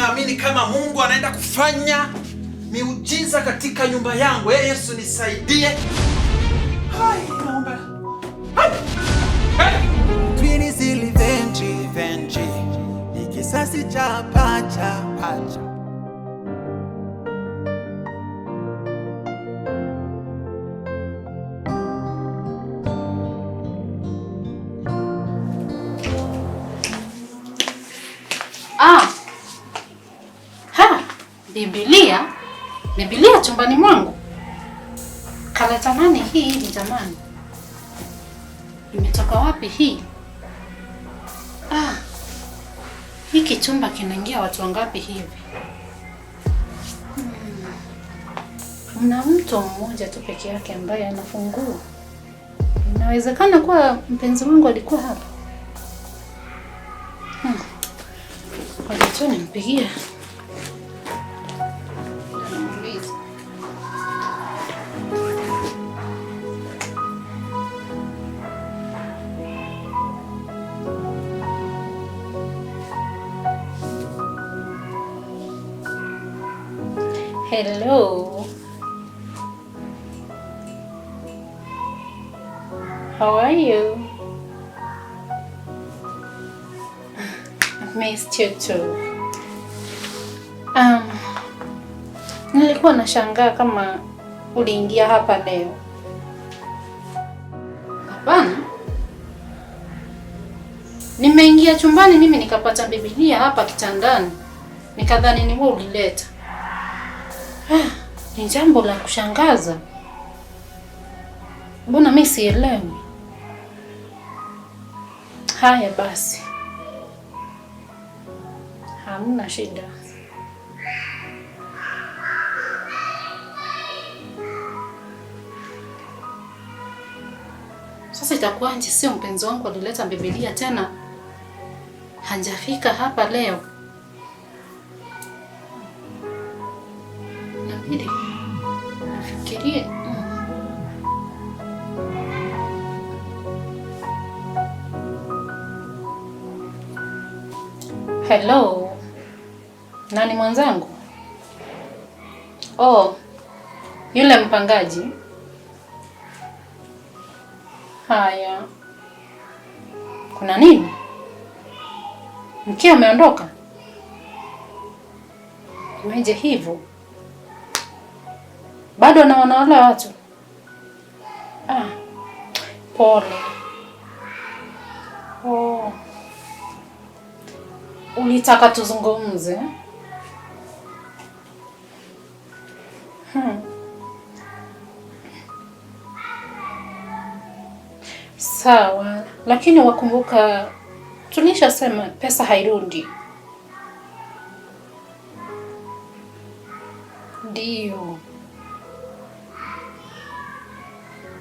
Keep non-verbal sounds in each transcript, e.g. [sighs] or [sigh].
naamini kama Mungu anaenda kufanya miujiza katika nyumba yangu. Ee Yesu nisaidie. Hai, naomba. Hai. Hai. kisasi cha pacha pacha Bibilia? Bibilia chumbani mwangu? Kaleta nani hii hivi jamani? Imetoka wapi hii? Ah, hiki chumba kinaingia watu wangapi hivi? Hmm. Mna hmm, mtu mmoja tu peke yake ambaye anafungua. Inawezekana kuwa mpenzi wangu alikuwa hapa. Hmm. Wacha nimpigie. How are you? I've missed you too. Um, nilikuwa nashangaa kama uliingia hapa leo. Hapana. Nimeingia chumbani mimi nikapata Biblia hapa kitandani. Nikadhani ni wewe ulileta. Ah, ni jambo la kushangaza. Mbona mimi sielewi? Haya basi, hamna shida. Sasa itakuwaje? Sio mpenzi wangu alileta Bibilia tena, hajafika hapa leo. Nabidi nafikirie Hello, nani mwenzangu? Oh, yule mpangaji. Haya, kuna nini? Mkia ameondoka? meje hivyo? Bado anaona wale watu? Ah, pole. Oh. Ulitaka tuzungumze hmm. Sawa, lakini wakumbuka tulishasema pesa hairudi. ndio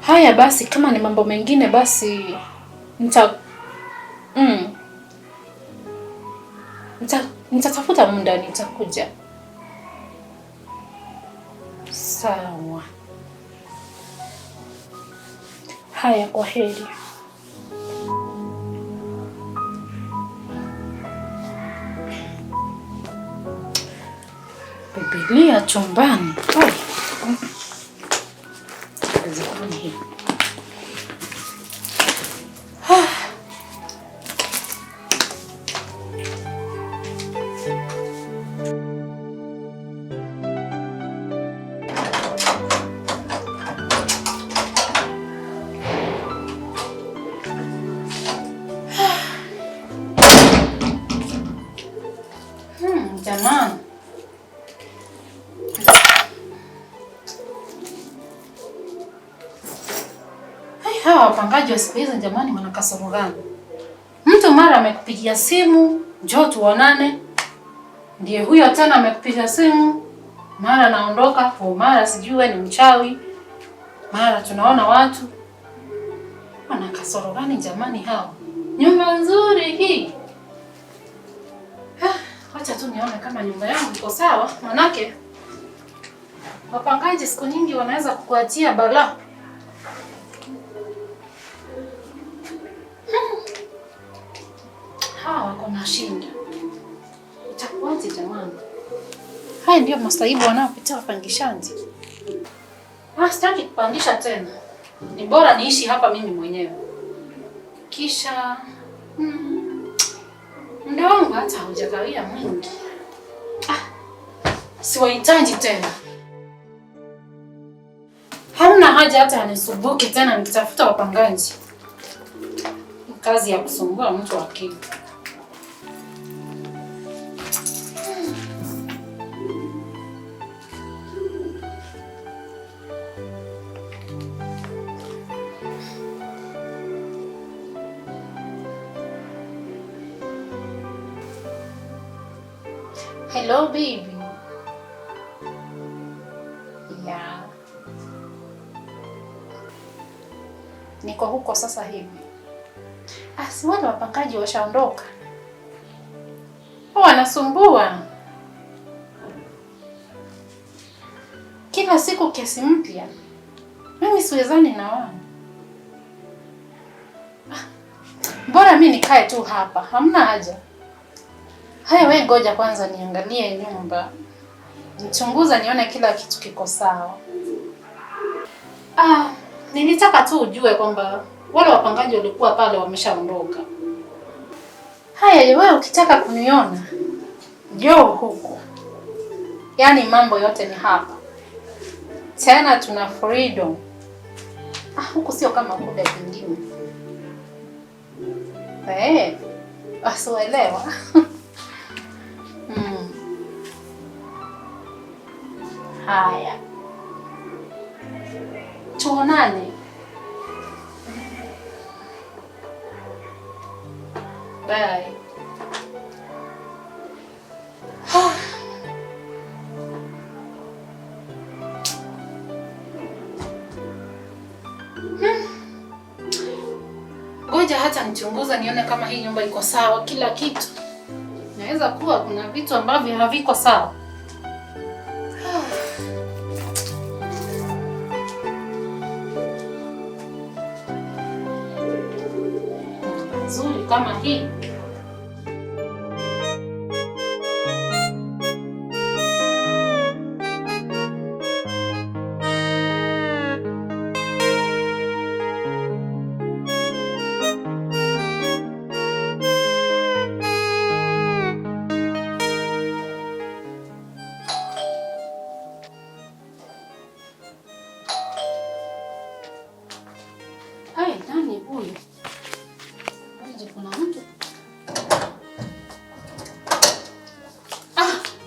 Haya basi, kama ni mambo mengine basi nita mm nitatafuta muda, nitakuja. Sawa, haya, kwa heri. Bibilia chumbani. wapangaji wa siku hizi jamani, wana kasoro gani? Mtu mara amekupigia simu njoo tuonane, ndiye huyo tena amekupigia simu mara naondoka, kwa mara sijui ni mchawi, mara tunaona watu. Wana kasoro gani jamani hao? Nyumba nzuri hii, ah, wacha tu nione kama nyumba yangu iko sawa, manake wapangaji siku nyingi wanaweza kukuatia balaa. Hawa wako na shinda, itakuwaje jamani? Haya ndio masaibu wanaopitia wapangishaji. Ah, sitaki kupangisha tena, ni bora niishi hapa mimi mwenyewe. Kisha mm, wangu hata haujakawia mwingi. Ah, siwahitaji tena, hamna haja hata anisumbuke tena nikitafuta wapangaji kazi ya kusumbua mtu akili. Hello baby. Niko huko sasa hivi. Asi ah, wale wapangaji washaondoka, wanasumbua kila siku kesi mpya. Mimi siwezani na wao, ah, bora mi nikae tu hapa, hamna haja. Haya, we ngoja kwanza niangalie nyumba, nichunguza, nione kila kitu kiko sawa. Ah, nilitaka tu ujue kwamba wale wapangaji walikuwa pale wameshaondoka. Haya, wewe ukitaka kuniona njoo huku, yaani mambo yote ni hapa, tena tuna freedom. Ah, huku sio kama kuda kingine hey, eh, wasielewa [laughs] hmm. Haya, tuonane. Bye. [sighs] Ngoja hata nichunguza nione kama hii nyumba iko sawa, kila kitu. Naweza kuwa kuna vitu ambavyo haviko sawa. [sighs] Nzuri kama hii.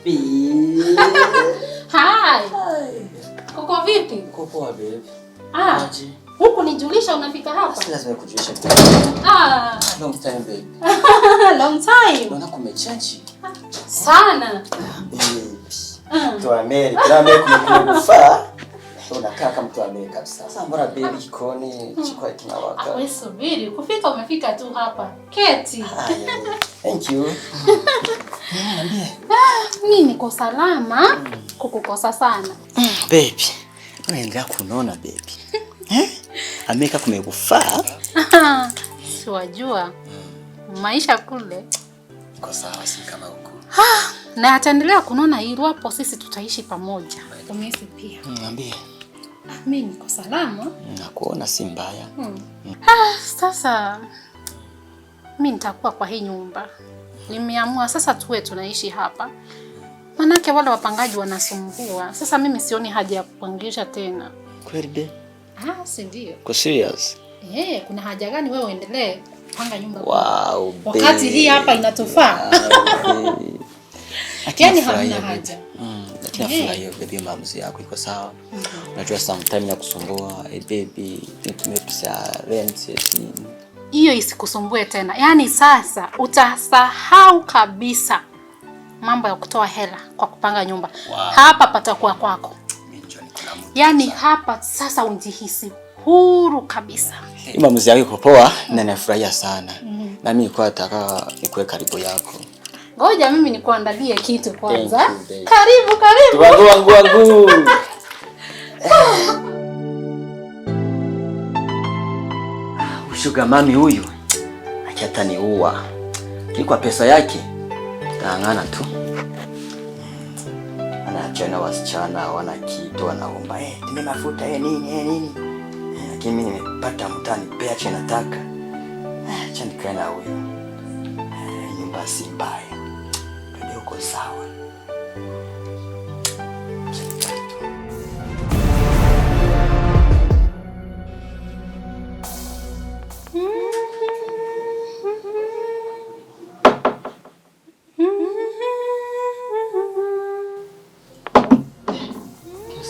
vipi? Hai. Kuko vipi? Kuko vipi? Ah. Huku nijulisha unafika hapa? Si lazima kujulisha. Ah. Long time baby. [laughs] Long time. Naona kumechange. Sana. Ah. Mtu wa Amerika, na Amerika kumekufa. Unakaa kama mtu wa Amerika kabisa. Sasa mbona baby kikoni ah. chikwa kinawaka? Ah, wewe subiri, kufika umefika tu hapa. Keti. Thank you. [laughs] Niambie uko salama kukukosa sana mm, baby unaendelea kunona baby [laughs] eh? Amerika kumekufaa [laughs] siwajua maisha kule uko sawa, si kama huko na ataendelea kunona hapo, sisi tutaishi pamoja. Umesi pia mm, niambie mimi ah, niko salama, na kuona si mbaya hmm. Ah, sasa mimi nitakuwa kwa hii nyumba, nimeamua sasa tuwe tunaishi hapa Manake wale wapangaji wanasumbua. Sasa mimi sioni haja ya kupangisha tena. Kweli be? Ah, si ndio. Kwa serious? Eh, kuna haja gani wewe uendelee kupanga nyumba? Wow, wakati hii hapa inatofaa. Wow, [laughs] yaani hamna haja. Mm, eh. baby, maamuzi yako iko sawa. Mm-hmm. Unajua na kusumbua, hey eh, baby, nitumie pesa rent eh, hiyo isikusumbue tena. Yaani sasa utasahau kabisa mambo ya kutoa hela kwa kupanga nyumba. Wow. Hapa patakuwa kwako. Yaani hapa sasa unjihisi huru kabisa. Hii maamuzi yako iko poa na nafurahia sana. Mm. Nami kwa nataka nikuwe karibu yako. Ngoja mimi nikuandalie kitu kwanza. Karibu, karibu karibu. Wangu wangu. Ushuga mami huyu achata niua. Ni kwa pesa yake Ng'ang'ana tu, eh, anachana wasichana wana kitu, anaomba eh, hey, mafuta eh, nini eh, nini eh, lakini mimi nimepata mtu anipea cha nataka hey, eh, cha nikae na huyo nyumba si mbaya, ndio uko sawa.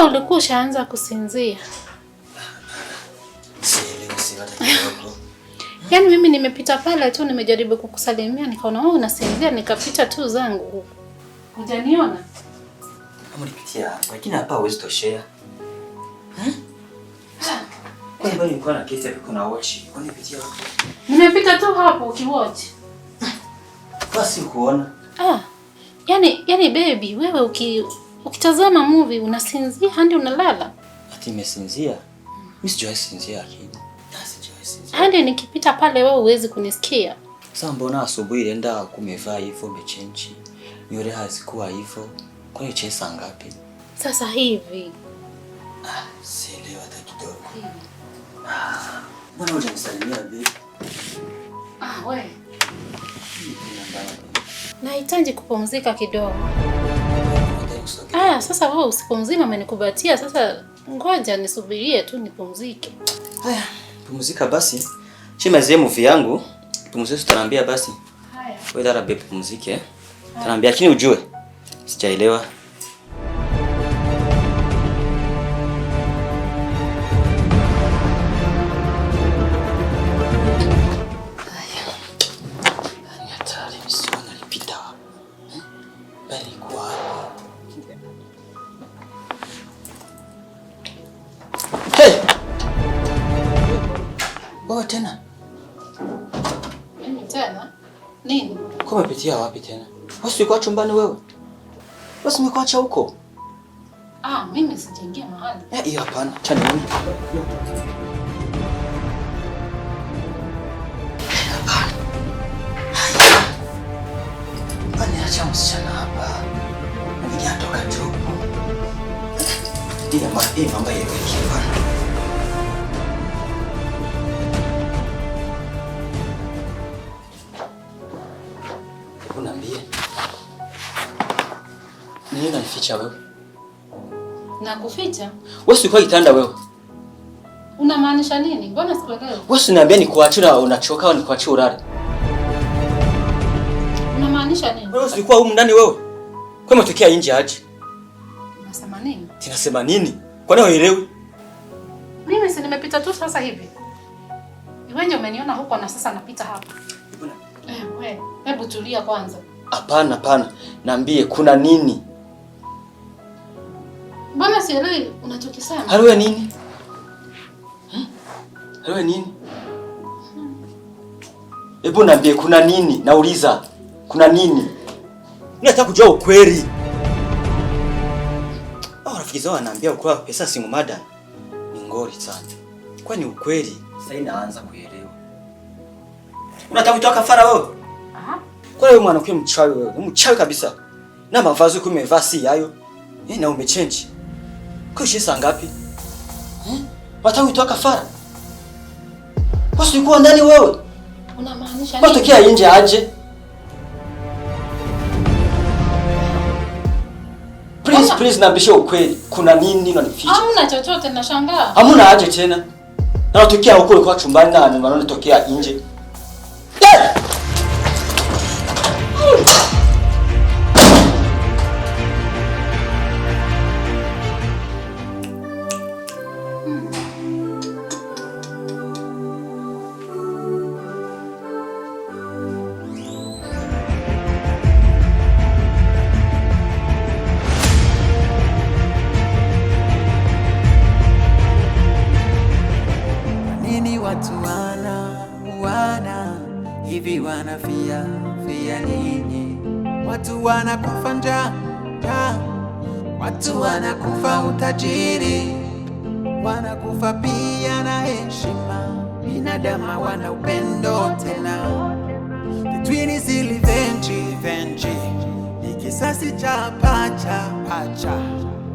Wewe ulikuwa ushaanza kusinzia. [laughs] Yaani mimi nimepita pale tu nimejaribu kukusalimia nikaona wewe oh, unasinzia nikapita tu zangu. Hujaniona? Kama ulipitia hapa lakini hapa huwezi toshea. Eh? Hmm? Ah. Kwa nini ulikuwa na kesi yako kuna watch? Kwa nini ulipitia hapo? Nimepita tu hapo ukiwatch. Basi kuona. Ah. Yaani yaani baby wewe uki Ukitazama movie unasinzia hadi unalala. Ati nimesinzia? Mimi sijawahi sinzia akili. Hadi nikipita pale wewe huwezi kunisikia. Sasa mbona asubuhi ilienda kumevaa hivyo umechenji? Nywele hazikuwa hivyo. Kwa hiyo chesa ngapi? Sasa hivi. Ah, sielewa hata kidogo. Hmm. Ah, mbona hujanisalimia bibi? Ah, wewe. Nahitaji kupumzika kidogo. Aya, ah, sasa wewe usiku mzima amenikubatia, sasa ngoja nisubirie tu nipumzike. Haya, pumzika basi. Shima zemu vyangu, Pumzike tutaambia basi. Haya. Wewe dada bebe pumzike. Tutaambia lakini ujue sijaelewa Wewe tena? Mimi tena? Nini? Kwa umepitia wapi tena? Wewe siko chumbani wewe. Wewe umekuacha huko. Ah, mimi sijaingia mahali. Eh, hiyo hapana. Chani mimi. Acha msichana hapa. Nijatoka tu. Ndio mambo yewe kifana. nini unanificha wewe? Nakuficha? Wewe si kwa kitanda wewe. Unamaanisha nini? Mbona sikuelewi? Wewe si niambia nikuachie na unachoka au nikuachie ulale? Unamaanisha nini? Wewe si kwa huko ndani wewe. Kwa nini umetokea nje aje? Unasema nini? Tunasema nini? Kwa nini uelewi? Mimi si nimepita tu sasa hivi. Wewe ndio umeniona huko na sasa napita hapa. Mbona? Eh, wewe, hebu tulia kwanza. Hapana, hapana. Niambie kuna nini? Mbona sielewi unachoki sana? Haruya nini? Hmm? Haruya nini? Hmm. Ebu nambie kuna nini? Nauliza. Kuna nini? Nataka kujua ukweli. Hao rafiki zao wanaambia ukweli pesa singu madam. Ni ngori sana. Kwani ukweli? Sasa inaanza kuelewa. Unataka kutoa kafara wewe? Aha. Kwa hiyo mwanamke mchawi wewe. Mchawi kabisa. Na mavazi kumevaa si yayo. Yeye yaani na umechange. Kuishi saa ngapi? Eh? Watawi toa kafara. Wewe ulikuwa ndani wewe. Unamaanisha nini? Watokea nje aje? Please please naambisha ukweli. Kuna nini unanificha? Hamna chochote nashangaa. Hamna aje tena. Na watokea huko kwa chumbani na wanaona tokea nje. Yeah! wanafia fia nini? Watu wanakufa njaa, watu wanakufa utajiri, wanakufa pia na heshima. Binadamu wana upendo tena Twini zili venji venji, ni kisasi cha pacha pacha.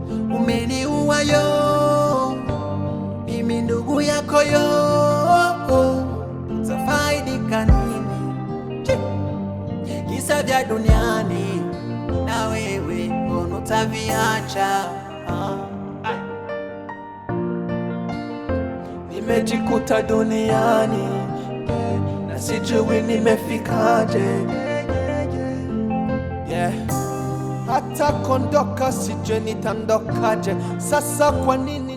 Umeniua yo, mimi ndugu yako yo moja duniani na wewe mbona ah. Nimejikuta duniani na sijui nimefikaje, yeah. Hata kondoka sijui nitandokaje, sasa kwa nini